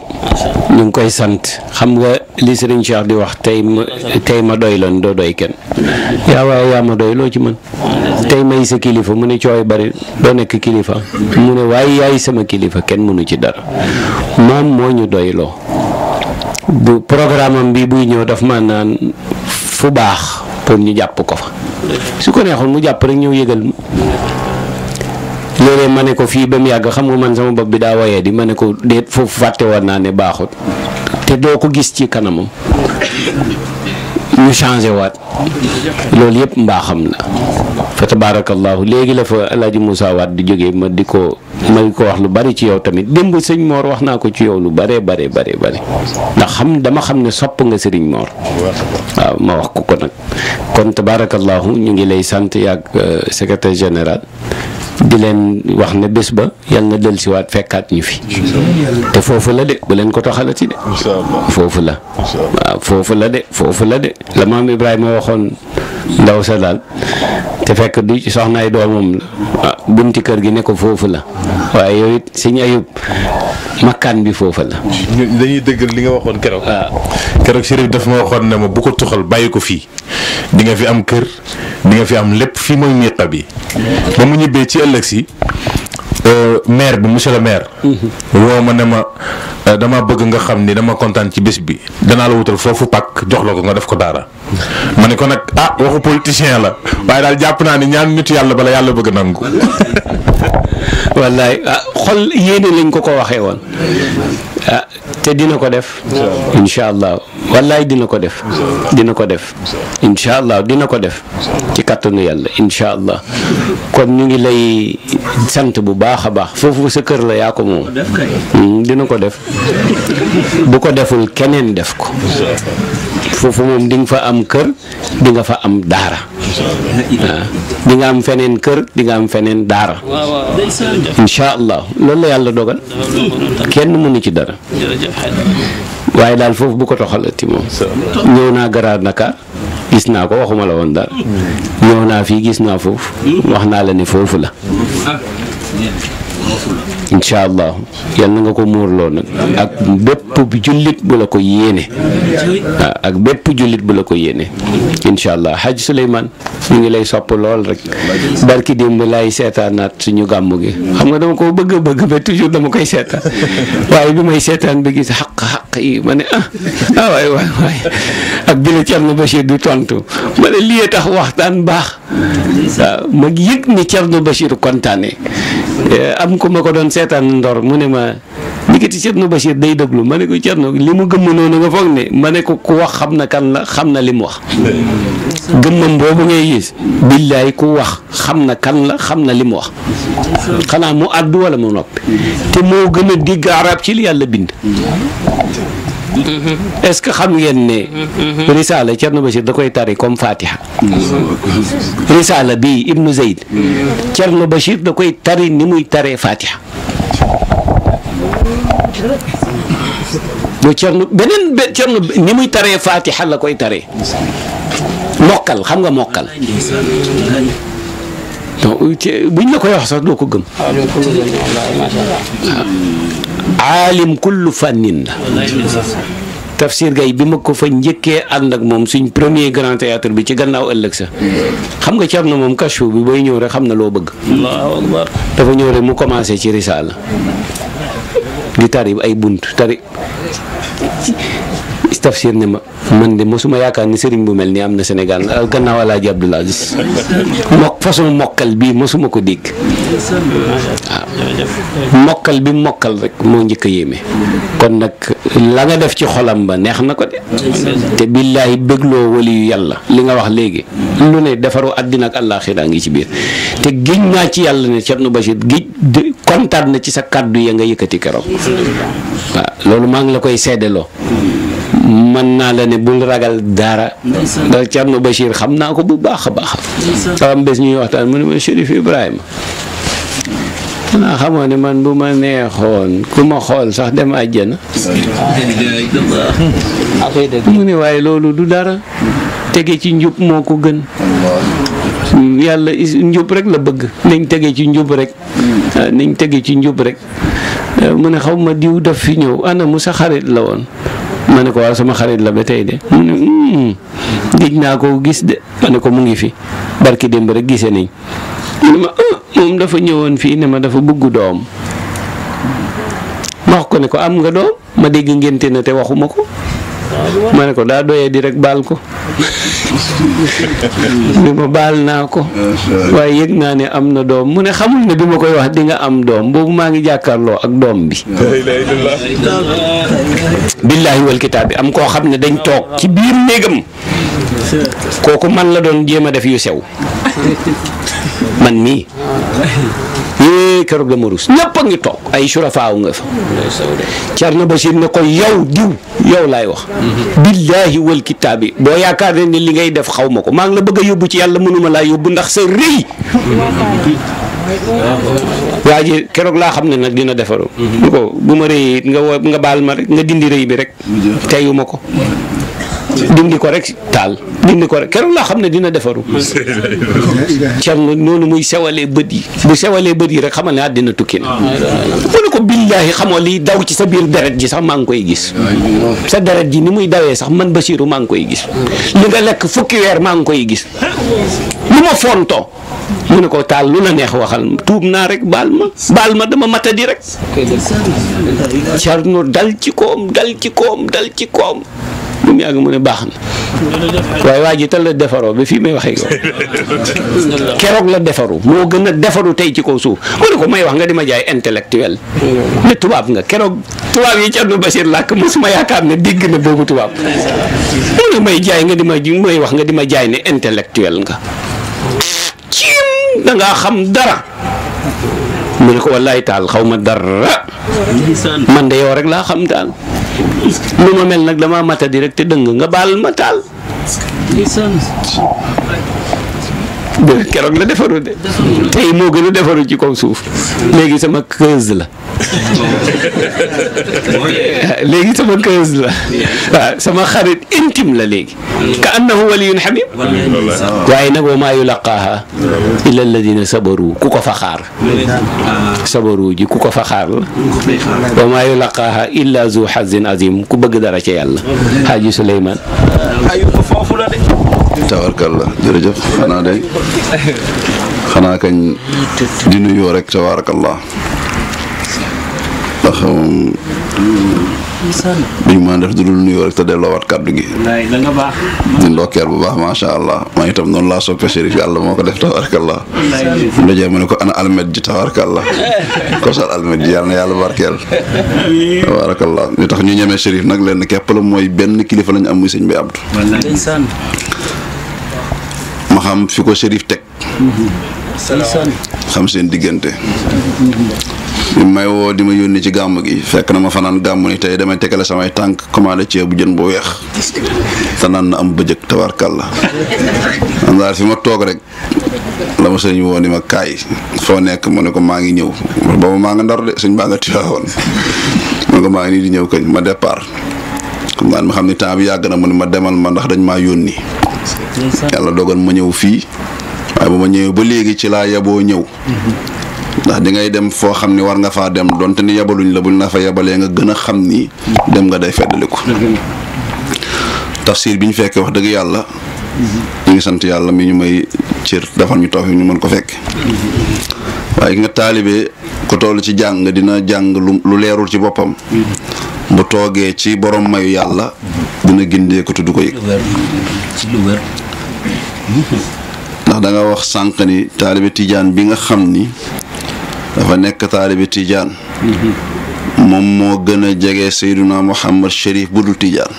ngi koy sant xam nga li Serigne Cheikh di wax tey ma doy lan doo doy kenn yaa waaye yaa ma doy loo ci mën tey may sa kilifa mu ne cooy bari doo nekk kilifa mu ne waaye yaay sama kilifa kenn mënu ci dara moom moo ñu doyloo bu programme am bi buy ñëw dafa ma naan fu baax pour ñu jàpp ko fa su ko neexoon mu jàpp rek ñëw yëgal ma léeg ma ne ko fii ba mu yàgg xam nga man sama bopp bi daa woyee di ma ne ko déet foofu fàtte woon naa ne baaxut te doo ko gis ci kanamam ñu changé waat loolu yëpp mbaaxam la fa tabaarakallaahu léegi la fa El Hadj Moussa Waat di jóge ma di ko ma ngi ko wax lu bari ci yow tamit démb sëñ moor wax naa ko ci yow lu baree baree baree bare ndax xam dama xam ne sopp nga sëriñ Mor waaw ma wax ko ko nag kon tabaarakallaahu ñu ngi lay sant yàgg euh, secretaire général di leen wax ne bés ba yal na del siwaat fekkaat ñu fi te foofu la de bu leen ko toxalati de foofu la waaw foofu la de foofu la de la maam Ibrahima waxoon ndaw sa daal te fekk du soxnaay doomam la ah, bunti kër gi ne ko foofu la waaye yow it Ayub makkaan bi foofa la. dañuy dëggal li nga waxoon keroog. waaw ah. keroog Chérif dafa ma waxoon ne ma bu ko tuxal bàyyi ko fii di nga fi am kër dinga fi am lépp fii mooy miqa bi ba mu ñibbee ci ëllëg si. Euh, maire bi monsieur le maire. Mhm. woo ma ne ma euh, dama bëgg nga xam ni dama kontaan ci bés bi danaa la wutal foofu pàkk jox la ko nga def ko daara. ma ne ko nag ah waxu politicien la waaye daal jàpp naa ne ñaan nit yàlla bala yàlla bëgg nangu. wallaay ah xol yéene lañ ko ko waxee woon ah, te dina ko def incha allah wallaay dina ko def dina ko def incha allah dina ko def ci kàttanu yàlla incha allah kon ñu ngi lay sant bu baax a baax foofu sa kër la yaa ko moom hmm, dina ko def bu ko deful keneen def ko foofu moom di fa am kër di fa am daara ah, di nga am feneen kër di am feneen daara incha allah loolu la yàlla dogal kenn mënu ci dara waaye daal foofu bu ko toxalati moom ñëw naa garaar naka gis naa ko waxuma la woon dara hmm. ñëw naa fii gis naa foofu hmm. wax naa la ne foofu la ah. incha allah yal na nga ko muurloo nag ak bépp jullit bu la ko yéene ah, ak bépp jullit bu la ko yéene incha allah Hadj Souleymane ñu ngi lay sopp lool rek barki démb laay seetaanaat suñu gàmm gi xam nga dama ko bëgg bëgg ba toujours dama koy seetaan waaye bi may seetaan ba gis xaq xaq yi ma ah ah waay waay waay ak bi la Thierno du tontu ma ne lii tax waxtaan baax waaw ah, ma yëg ni Thierno Bachir kontaane Eh, am ku ma ko doon seetaan ndor mu ne ma dikkati Cerno Bachir day déglu ma ne ko Cerno li mu gëmm noonu nga foog ne ma ne ko ku wax xam na kan la xam na li mu wax gëmmam boobu ngay gis billaay ku wax xam na kan xam na li mu wax xanaa mu àddu wala mu noppi te moo gën a digg arab ci li yàlla bind est-ce que xam ngeen ne. Risaala Thierno Bachir da koy tari comme Fatiha. Risaala bii Ibnu Zeyd. Thierno Bachir da koy tari ni muy taree Fatiha. bu Thierno beneen be Thierno ni muy la koy taree. mokkal xam nga mokkal. donc buñ la koy wax sax doo gëm. Ah, aalim kullu fànnin la Tafsir Gaye bi ma ko fa njëkkee ànd ak moom suñ premier grand théâtre bi ci gannaaw ëllëg sa xam nga na moom kashu bi bay ñëw rek xam na loo bëgg. dafa ñëw mu commencé ci risaala di tari ay bunt tari tafsir ne ma mën de mosuma yaakaar ni sëriñ bu mel ni am na Sénégal gannaaw Alaaji Abdoul Aziz façon mokkal bii mosuma ko dégg waaw mokkal bi mokkal rek moo njëkk a yéeme kon nag la nga def ci xolam ba neex na ko de te billaahi bégloo waliyu yàlla li nga wax léegi lu ne defaru àddina ak àllaaxiraa ngi ci biir te géej naa ci yàlla ne Cerno Bachir géej kontaan na ci sa kàddu ya nga yëkkati keroog waaw loolu maa ngi la koy seddaloo mën naa la ne bul ragal dara. ndax Thierno xam naa ko bu baax a baax. am bés ñuy waxtaan mu ne ma Chérif Ibrahima. xanaa xamoo ne man bu ma neexoon ku ma xool sax dem àjjana. mu ne waaye loolu du dara. tege ci njub moo ko gën. yàlla njub rek la bëgg nañ tege ci njub rek. nañ tege ci njub rek. mu ne xaw ma diw daf fi ñëw ana mu sa xarit la woon. ma ne ko waaw sama xarit la ba tey de mu hmm, géej naa ko gis de ma ne ko mu ngi fi barki démb rek gisee nañ ah, moom dafa ñëwoon fii ne ma dafa bugg doom ma wax ko ne ko am nga doom ma dégg ngénte na te waxuma ko ma ne ko daa doyee di rek baal ko ni ma baal naa ko waaye yëg naa ne am na doom mu ne xamul ne bi ma koy wax di nga am doom boobu maa ngi jàkkaarloo ak doom bi billaahi wal bi am koo xam ne dañ toog ci biir néegam kooku man la doon jéem a def yu sew man mii yee keroog dama rus ñëpp a ngi toog ay surafaaw nga fa. Cerno Bachir ne ko yow diw yow laay wax. billaahi wal kitaabi boo yaakaar na ni li ngay def xaw ma ko maa ngi la bëgg yóbbu ci yàlla mënuma laa yóbbu ndax sa rëy. waa keroog laa xam ne nag dina defaru ko bu ma rëy nga nga baal ma rek nga dindi rëy bi rek. teyu ko. dindi ko rek taal dindi ko rek keroog laa xam ne dina defaru Cerno noonu muy sewalee bët yi bu sewalee bët yi rek xamal ne àddina tukki na mu ne ko billaahi xamoo liy daw ci sa biir deret ji sax maa ngi koy gis sa deret ji ni muy dawee sax man Basiiru maa ngi koy gis li nga lekk fukki weer maa ngi koy gis lu ma fontoo mu ne ko taal lu la neex waxal tuub naa rek baal ma baal ma dama matadi rek Cerno dal ci koom dal ci koom dal ci koom ba mu yàgg mu ne baax na waaye waa ji tal la defaroo ba fii may waxee keroog la defaru moo gën a defaru tey ci kaw suuf mu ne ko may wax nga di ma jaay intellectuel tubaab nga keroog tubaab yi Thierno Bachir làkk mosuma yaakaar ne dégg boobu tubaab jaay nga di ma may wax nga di ma jaay ne intellectuel nga ciim xam dara mu ne ko wallaay taal xaw ma dara man de yow rek laa xam daal lu ma mel nag damaa mata di rek te dëng nga baal ma taal. keroog la defaru de tey moo gën a defaru ci kaw suuf léegi sama keuse la léegi sama keuse la waaw sama xarit intime la léegi ka annahu waliyun xamim waaye nag wa maa yulaqaaha illa alladina sabaru ku ko fa xaar sabaru ji ku ko fa xaar la wa maa yulaqaaha illa zu xazin azim ku bëgg dara ca yàlla xaaji Suleymaan ayub foofu la de tabarkalla jërëjëf xanaa de xanaa kañ di nuyoo rek tabarakallaa ndax um, duñ mën a def du dul nuyoo rek te delloowaat kàddu gi di ndokkeel bu baax macha allah maa itam noonu laa soppe Chérif yàlla moo ko def tabarakallaa ndojee ma ne ko ana almet ji tabarakallaa kosal almet ji yàlla na yàlla barkeel tabarakallaa li tax ñu ñemee Chérif nag lenn képp la mooy benn kilifa lañu am muy sëñ bi Abdou xam fi ko Cherif teg xam seen diggante bi may woo di ma yónnee ci gàmm gi fekk na ma fanaan gàmm ni tey damay tegale samay tànk commandé ceeb bu jën bu weex te naan na am bëjëk tabarkàlla am daal fi ma toog rek la ma sëñ woo ni ma kaay foo nekk ma ne ko maa ngi ñëw booba maa nga ndar de sëñ baa nga tiwaawoon ma ko maa ngi nii di ñëw kañ ma départ man ma xam ne temps bi yàgg na mu ne ma demal ma ndax dañ maa yónni. yàlla dogal ma ñëw fii. waaye ba ma ñëwee ba léegi ci laa yeboo ñëw. ndax di ngay dem foo xam ni war nga faa dem dont ni yabaluñ la bu la fa yebalee nga gën a xam ni. dem nga day feddaliku. tafsir bi ñu fekkee wax dëgg yàlla. ñu ngi sant yàlla mi ñu may cër defal ñu tawfiq ñu mën ko fekk. waaye ki nga taalibe ku tollu ci jàng dina jàng lu leerul ci boppam. bu toogee ci borom mayu yàlla dina gindee ko tudd ko yëg ndax danga wax sànq ni taalibe tijaan bi nga xam ni dafa nekk taalibe tijaan moom moo gën a jege Seyduna Muhammad Chérif bu dul tijaan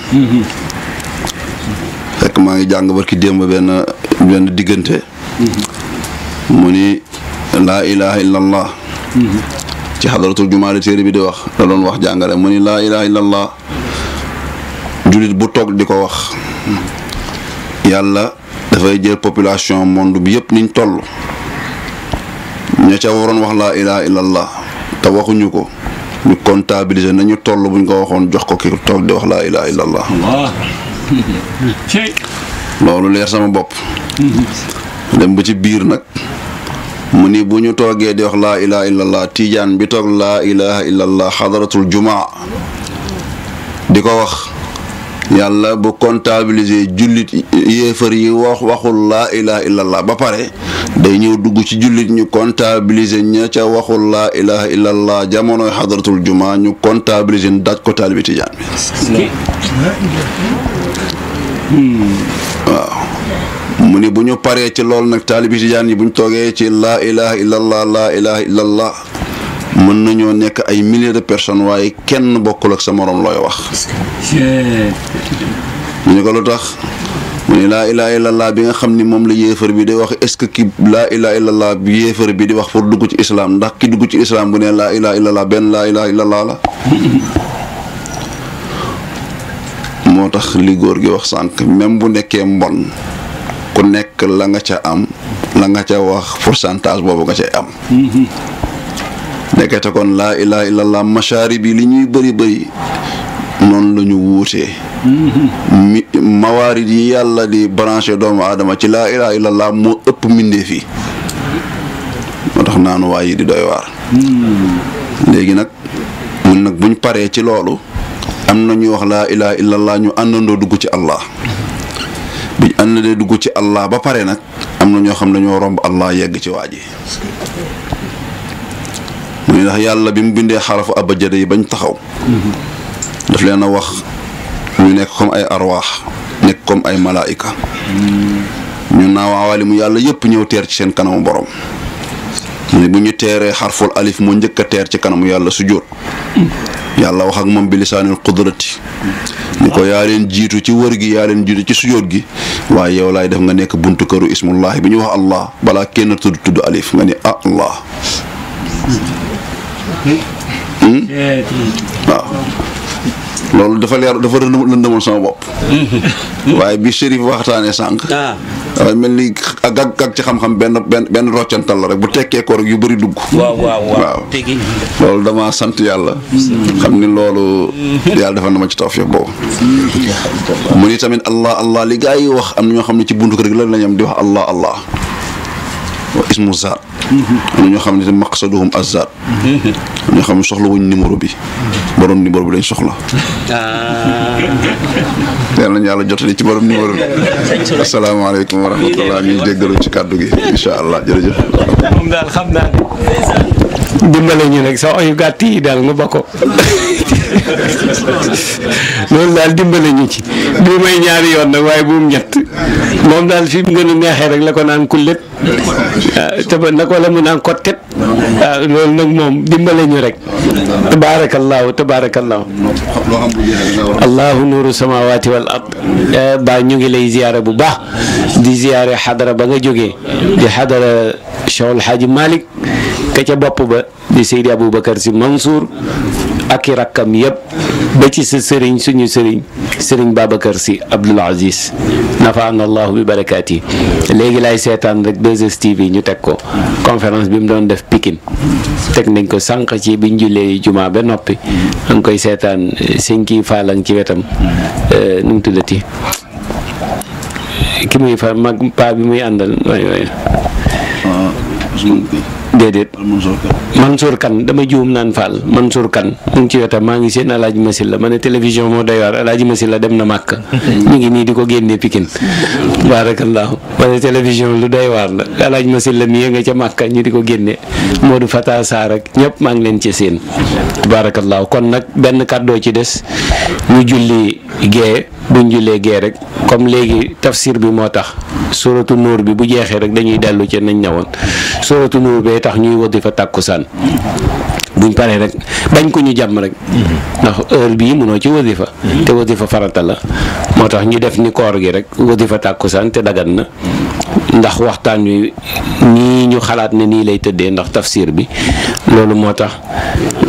fekk maa ngi jàng barki démb benn benn diggante mu ni laa ilaha illallah ci xadaratul jumaale téere bi di wax la doon wax jàngale mu ni laa ilaha illallah jullit bu toog di ko wax yàlla dafay jël population monde bi yëpp niñ toll ña ca waroon wax laa ilaha illallah te waxuñu ko ñu comptabiliser nañu toll buñ ko waxoon jox ko ki toog di wax laa ilaha illallah loolu leer sama bopp mm-hmm. dem ci biir nag mu ni bu ñu toogee di wax laa ilaha illallah tiijaan bi toog laa ilaha illallah xadaratul jumaa di ko wax yàlla bu comptabiliser jullit yéefar yi waxul laa ilaha ba pare day ñëw dugg ci jullit ñu comptabiliser ña ca waxul laa ilaha illallah jamonoy xadaratul jumaa ñu comptabiliser daj ko taalibi tijaan bi mu ni bu ñu paree ci lool nag taalibi tijaan yi bu ñu toogee ci laa ilaha illallah laa ilaha illallah mën nañoo nekk ay milliers de personnes waaye kenn bokkul ak sa moroom looy wax mu ni ko lu tax mu ni laa ilaha illallah bi nga xam ni moom la yéefar bi di wax est-ce que ki laa ilaha illallah bi yéefar bi di wax pour dugg ci islaam ndax ki dugg ci islaam bu ne laa ilaha illallah benn laa ilaha illallah la moo tax li góor gi wax sànq même bu nekkee mbon ku nekk la nga ca am la nga ca wax pour pourcentage boobu nga cay am mhm. nekkete kon laa ilaha illallah machaari bi li ñuy bëri bëri noonu lañu ñu wuutee mhm. mi mawaarid yi yàlla di branché doomu aadama ci laa ilaha illallah moo ëpp mbindee fii moo tax naanu waay yi di doy waar mhm. léegi nag mun nag buñ paree ci loolu am na ñuy wax laa ilaha illallah ñu àndandoo dugg ci allah biñ ànd dee dugg ci allah ba pare nag am na ñoo xam dañoo romb allah yegg ci waa ji mu ndax yàlla bi mu bindee xarafu abajada yi bañ taxaw daf leen a wax ñu nekk comme ay arwaax nekk koom ay malaayika ñu naawaawaali mu yàlla yëpp ñëw teer ci seen kanamu borom mu bu ñu teeree xarful alif moo njëkk teer ci kanamu yàlla sujjóot yàlla wax ak moom bi lisaanil qudrati ni ko yaa leen jiitu ci wër gi yaa leen jiitu ci sujjóot gi waaye yow laay def nga nekk buntu këru ismullahi bi ñu wax allah balaa kenn tudd tudd alif nga ne ah allah hmm? Hmm? waaw loolu dafa leer dafa lëndëmal sama bopp. Mm-hmm. waaye bi Chérif waxtaanee sànq. Ah. dafay mel ni gag gag ci xam-xam benn benn benn roccantal la rek bu tekkee ko rek yu bari dugg. waaw waaw waaw loolu damaa sant yàlla. Mm-hmm. xam ni loolu. Mm-hmm. yàlla dafa na ma ci tawfiq boobu. mu ni tamit allah allah li gaa yi wax am na ñoo xam ne ci buntu kër gi lan la ñu di wax allah allah. wa ismu zaat am xam ne maqsaduhum azzaat am ñoo xam ne soxla wuñ numéro bi borom numéro bi lañ soxla ah. yal nañu yàlla jotali ci borom numéro bi asalaamaaleykum wa rahmatullah ñuy jéggalu ci kàddu gi incha allah jërëjëf dimbale ñu nag sa oyu oh, gàtt yi daal nga ba ko ñu ci bu may ñaari yoon nag waaye buum ñett moom daal fi gën a neexee rek la ko naan kullet ah, te ba na ko la mu naan ah, moom dimbale ñu rek tabaarakallaahu tabaarakallaahu allahu nuuru eh, ñu ngi lay ziyaara bu baax di ziyaare xadara ba nga jógee di xadara Cheikh El Hadji ka ca bopp ba di Seydi Aboubacar si Mansour ak i rakkam yëpp ba ci sa sëriñ suñu sëriñ sëriñ Babacar si Abdoul Aziz nafaana allahu bi barakaati léegi laay seetaan rek 2 ñu teg ko conférence bi mu doon def Pikine teg nañ ko sànq ci biñ jullee jumaa ba noppi da koy seetaan sëñ kii faalang ci wetam euh, nu mu tuddati ki muy fa mag paa bi muy àndal ah, déedéet Mansour Kane dama juum naan Fall Mansour Kane mu ngi ci wetam maa ngi seen alaaji masil la ma ne télévision moo doy waar alaaji masil la dem na màkk ñu ngi nii di ko génnee Pikine baarakallaahu ma ne télévision lu doy waar la alaaji masil la mii nga ca màkk ñu di ko génnee Modou Fata Sarr ak ñëpp maa ngi leen ci seen baarakallaahu kon nag benn kàddoo ci des ñu julli gee buñ jullee gee rek comme léegi tafsir bi moo tax suratu nuur bi bu jeexee rek dañuy dellu nañu nañ woon suratu nuur bee tax ñuy wadifa tàkkusaan buñ paree rek bañ ko ñu jàmm rek. ndax heure bii mënoo ci wasifa te wasifa farata la moo tax ñu def ni koor gi rek wasifa tàkkusaan te dagan na. ndax waxtaan wi nii ñu xalaat ne nii lay tëddee ndax tafsir bi loolu moo tax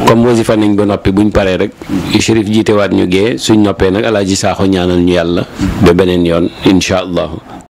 comme wasifa nañ ba noppi buñ paree rek shérif jiitewaat ñu gee suñ noppee nag alaaji saaxo ñaanal ñu yàlla ba beneen yoon incha allah.